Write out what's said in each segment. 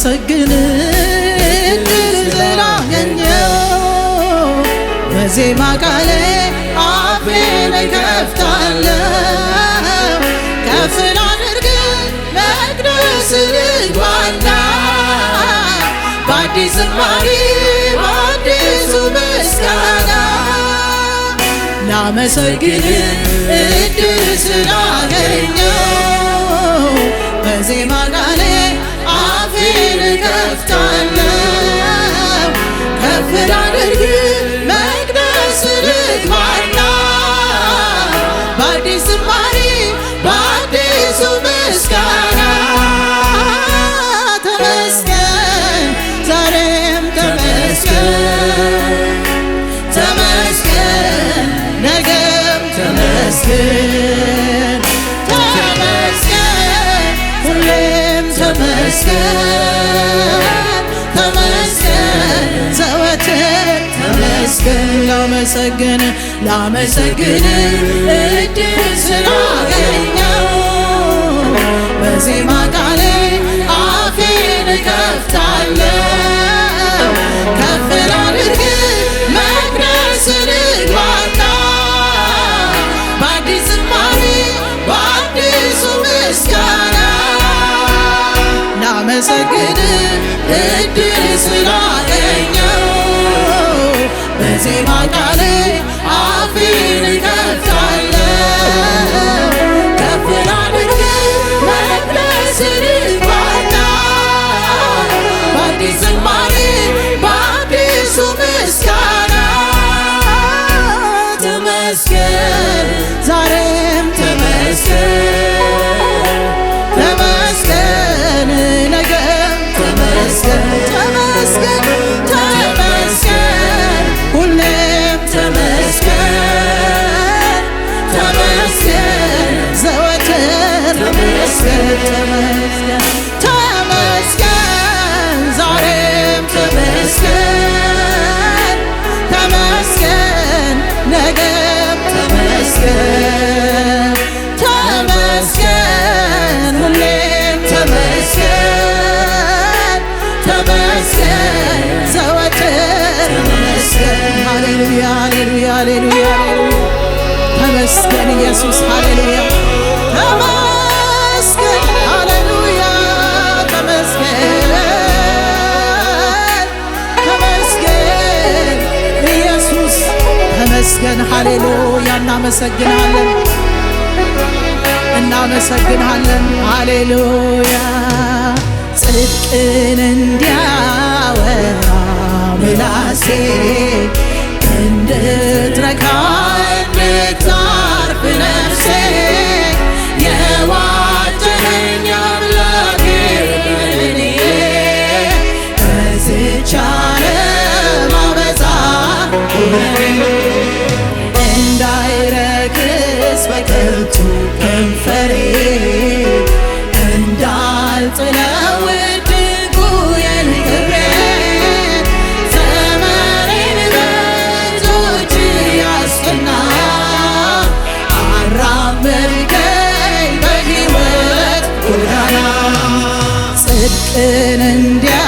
ሳመሰግን ድል ስላገኘው በዜማ ቃሌ አፌን እከፍታለሁ ከፍ ላድርግ መቅደስ በአዲስ ዝማሬ በአዲሱ ምስጋና ላመሰግን በዜማ ልፍታነው ከፍ ላድርግ መቅደስ ልግባና በአዲስ ዝማሬ ተመስገን ዛሬም ተመስገን ነገም ተመስገን ተመስገን ሁሌም ተመስገን ተመስገን ላመሰግን ላመሰግን እድል ስላገኘው በዜማ ቃሌ አፌን እከፍታለሁ ከፍ ላድርግ መቅደስ ልግባና በአዲስ ዝማሬ በአዲሱ ምስጋና ላመሰግን እድል ስላ say my God. ሃሌሉያ ሃሌሉያ ሃሌሉያ ተመስገን ኢየሱስ ሃሌሉያ ተመስገን ሃሌሉያ ተመስገን ተመስገን ኢየሱስ ተመስገን ሃሌሉያ እናመሰግናለን እናመሰግናለን ሃሌሉያ ጽድቅን እንዲያወራ ምላሴ I trein India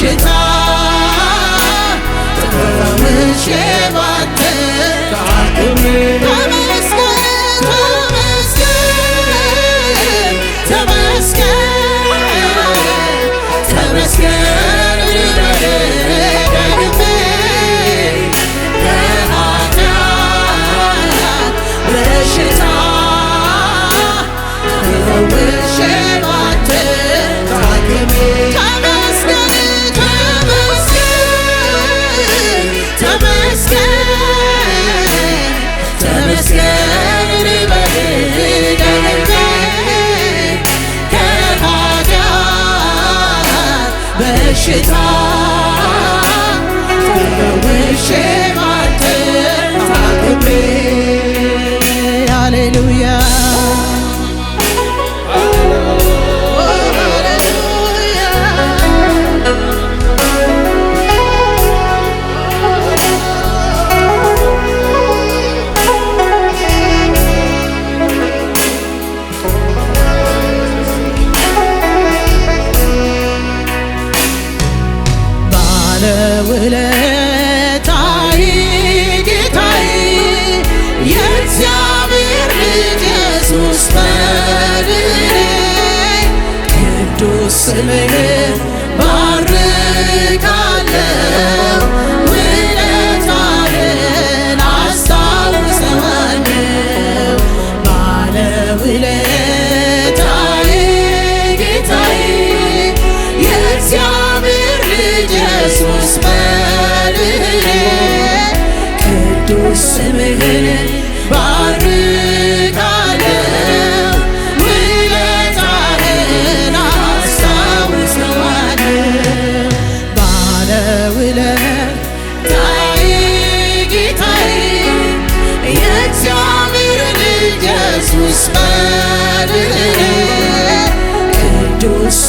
በሽታ ተፈውሼ should run. Seni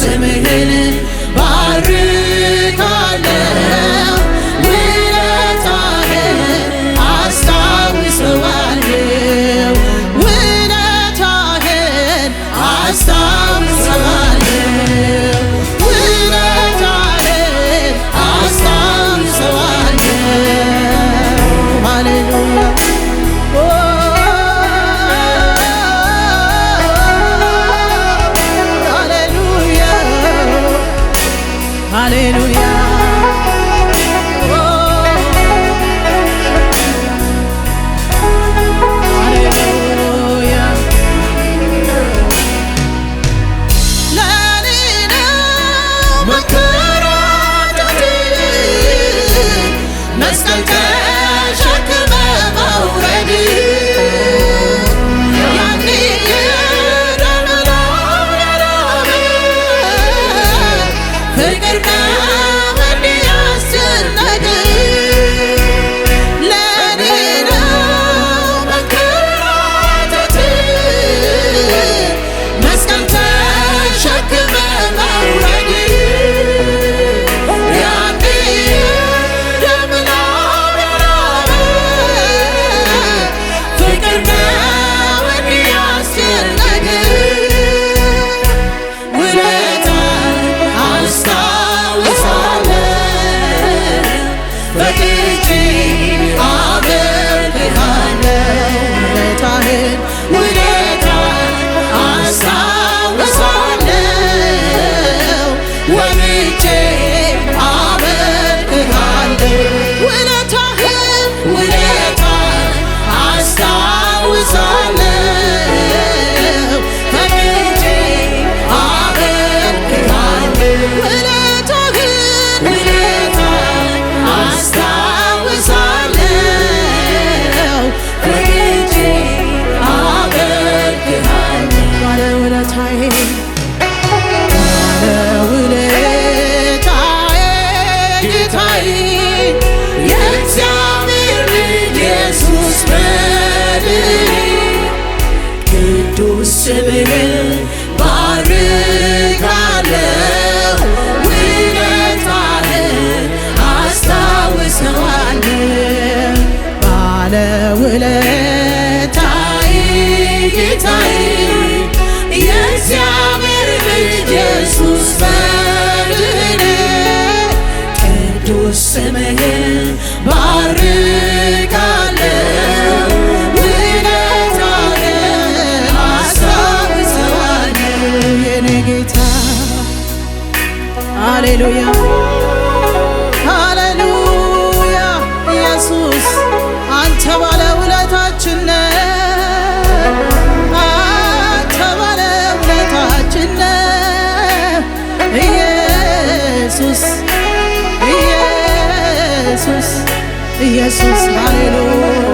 Semihlenin አመልክሃለሁ ለታህን ስምን ባርካለው ውለታህን አስታውሰዋለሁ። ባለውለታዬ ጌታዬ የእግዚአብሔር ልጅ ኢየሱስ ቅዱስ ሃሌሉያ ሃሌሉያ ኢየሱስ አንተ ባለ ውለታችን አንተ ባለ ውለታችን ነ ኢየሱስ ኢየሱስ ኢየሱስ ሃሌሉያ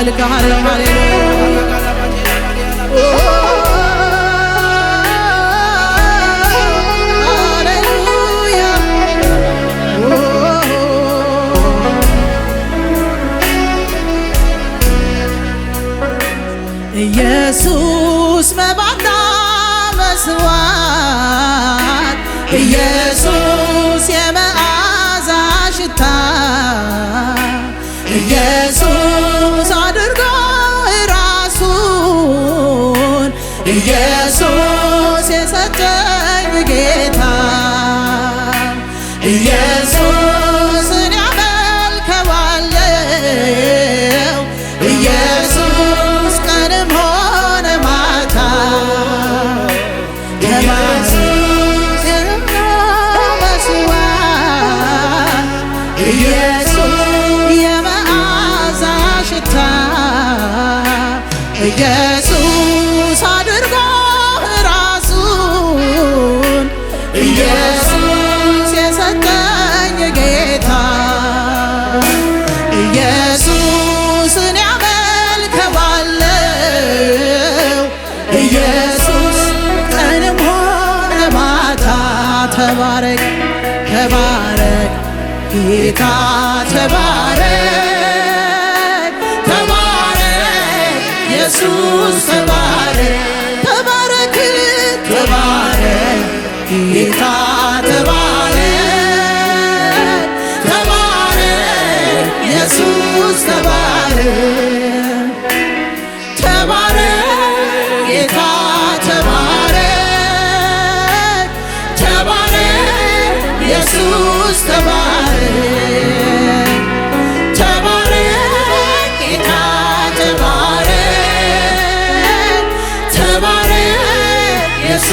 ملك هاري هاري ኢየሱስ መባታ መስዋዕት ኢየሱስ ጌታ ተባረክ ተባረክ ኢየሱስ ተባረክ ተባረክ ተባረክ ጌታ ተባረክ ተባረክ ኢየሱስ ተባረክ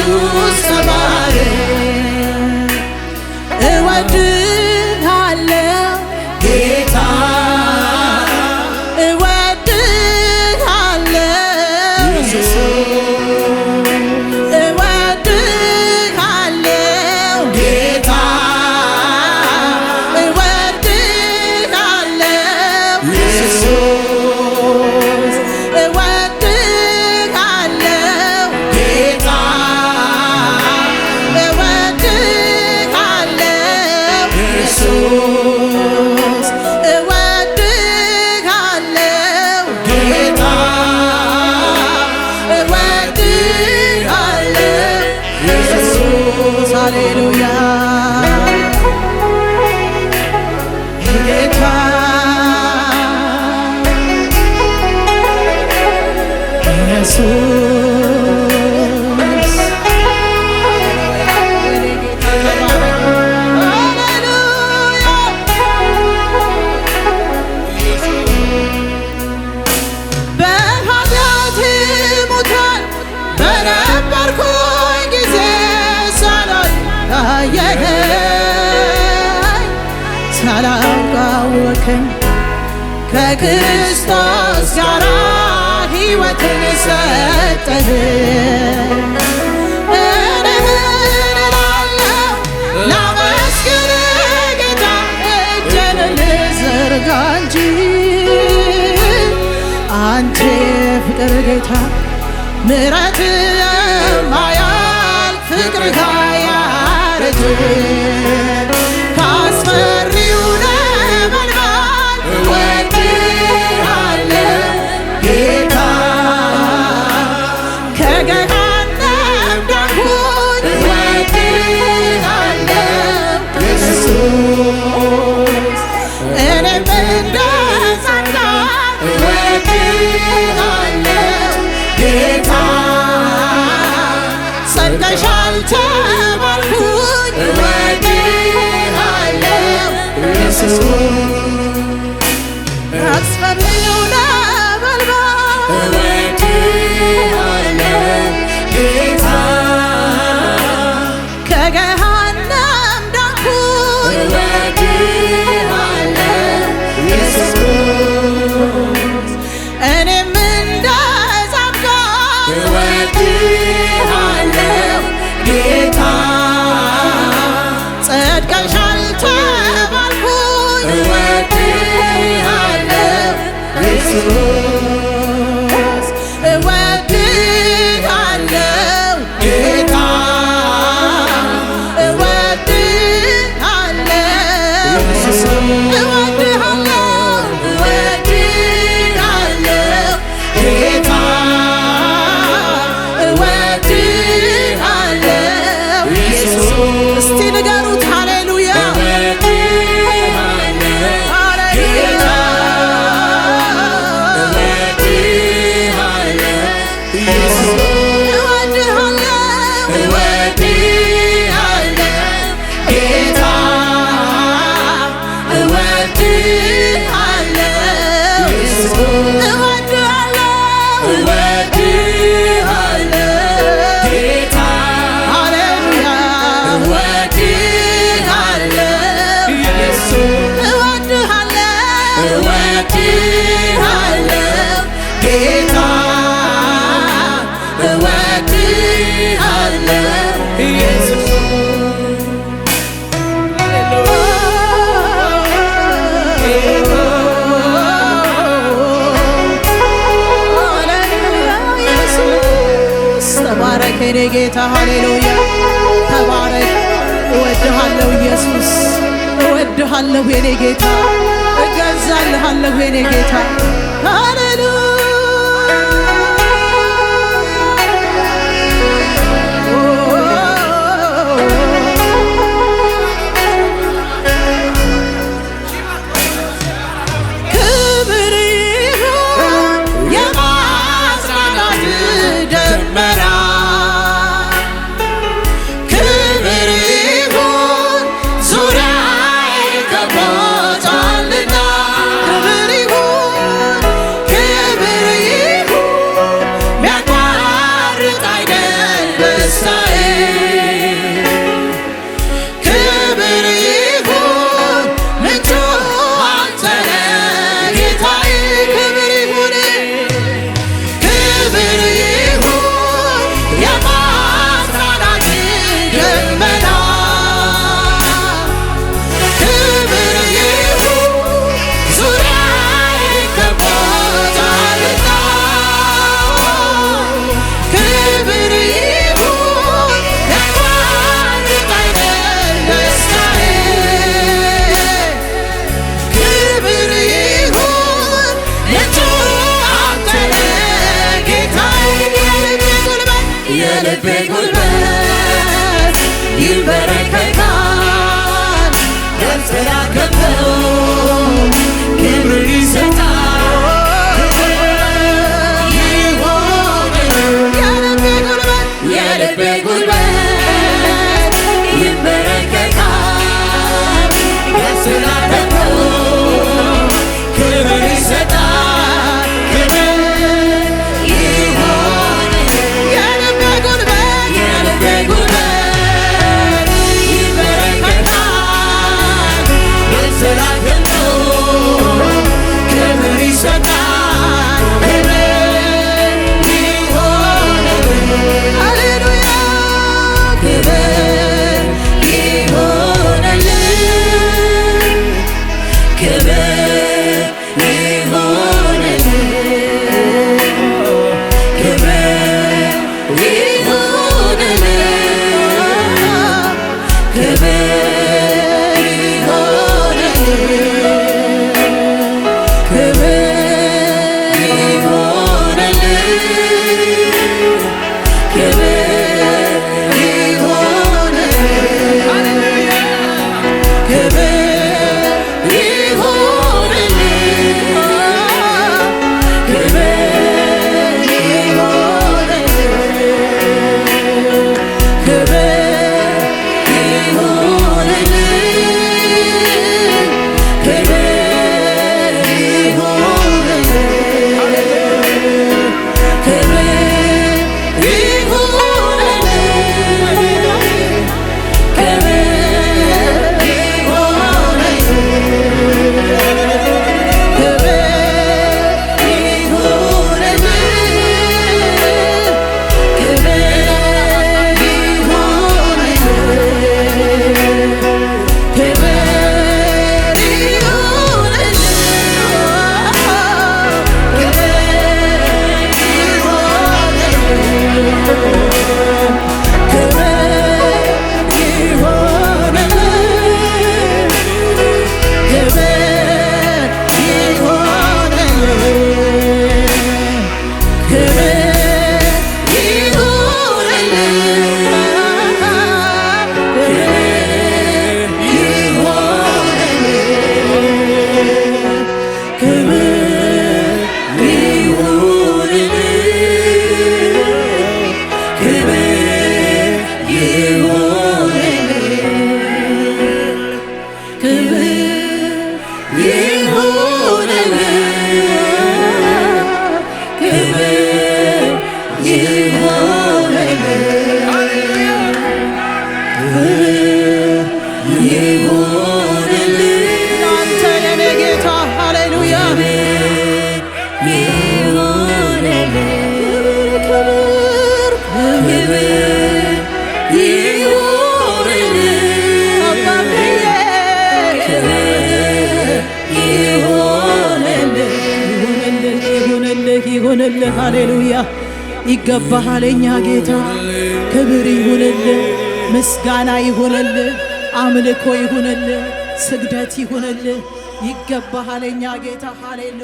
Jerusalem. ከክርስቶስ ጋር ሕይወትን ሰጠህ። እንምንላለው ፍቅር ጌታ ምሕረት ተባልኩኝ እወድሃለሁ ኢየሱስ የኔ ጌታ ሃሌሉያ ተባረክ። እወድሃለሁ ኢየሱስ እወድሃለሁ የኔ ጌታ እገዛልሃለሁ የኔ ጌታ ይገባሃለኛ ጌታ ክብር ይሁንል፣ ምስጋና ይሁንል፣ አምልኮ ይሁንል፣ ስግደት ይሁንል። ይገባሃለኛ ጌታ ሃሌሉ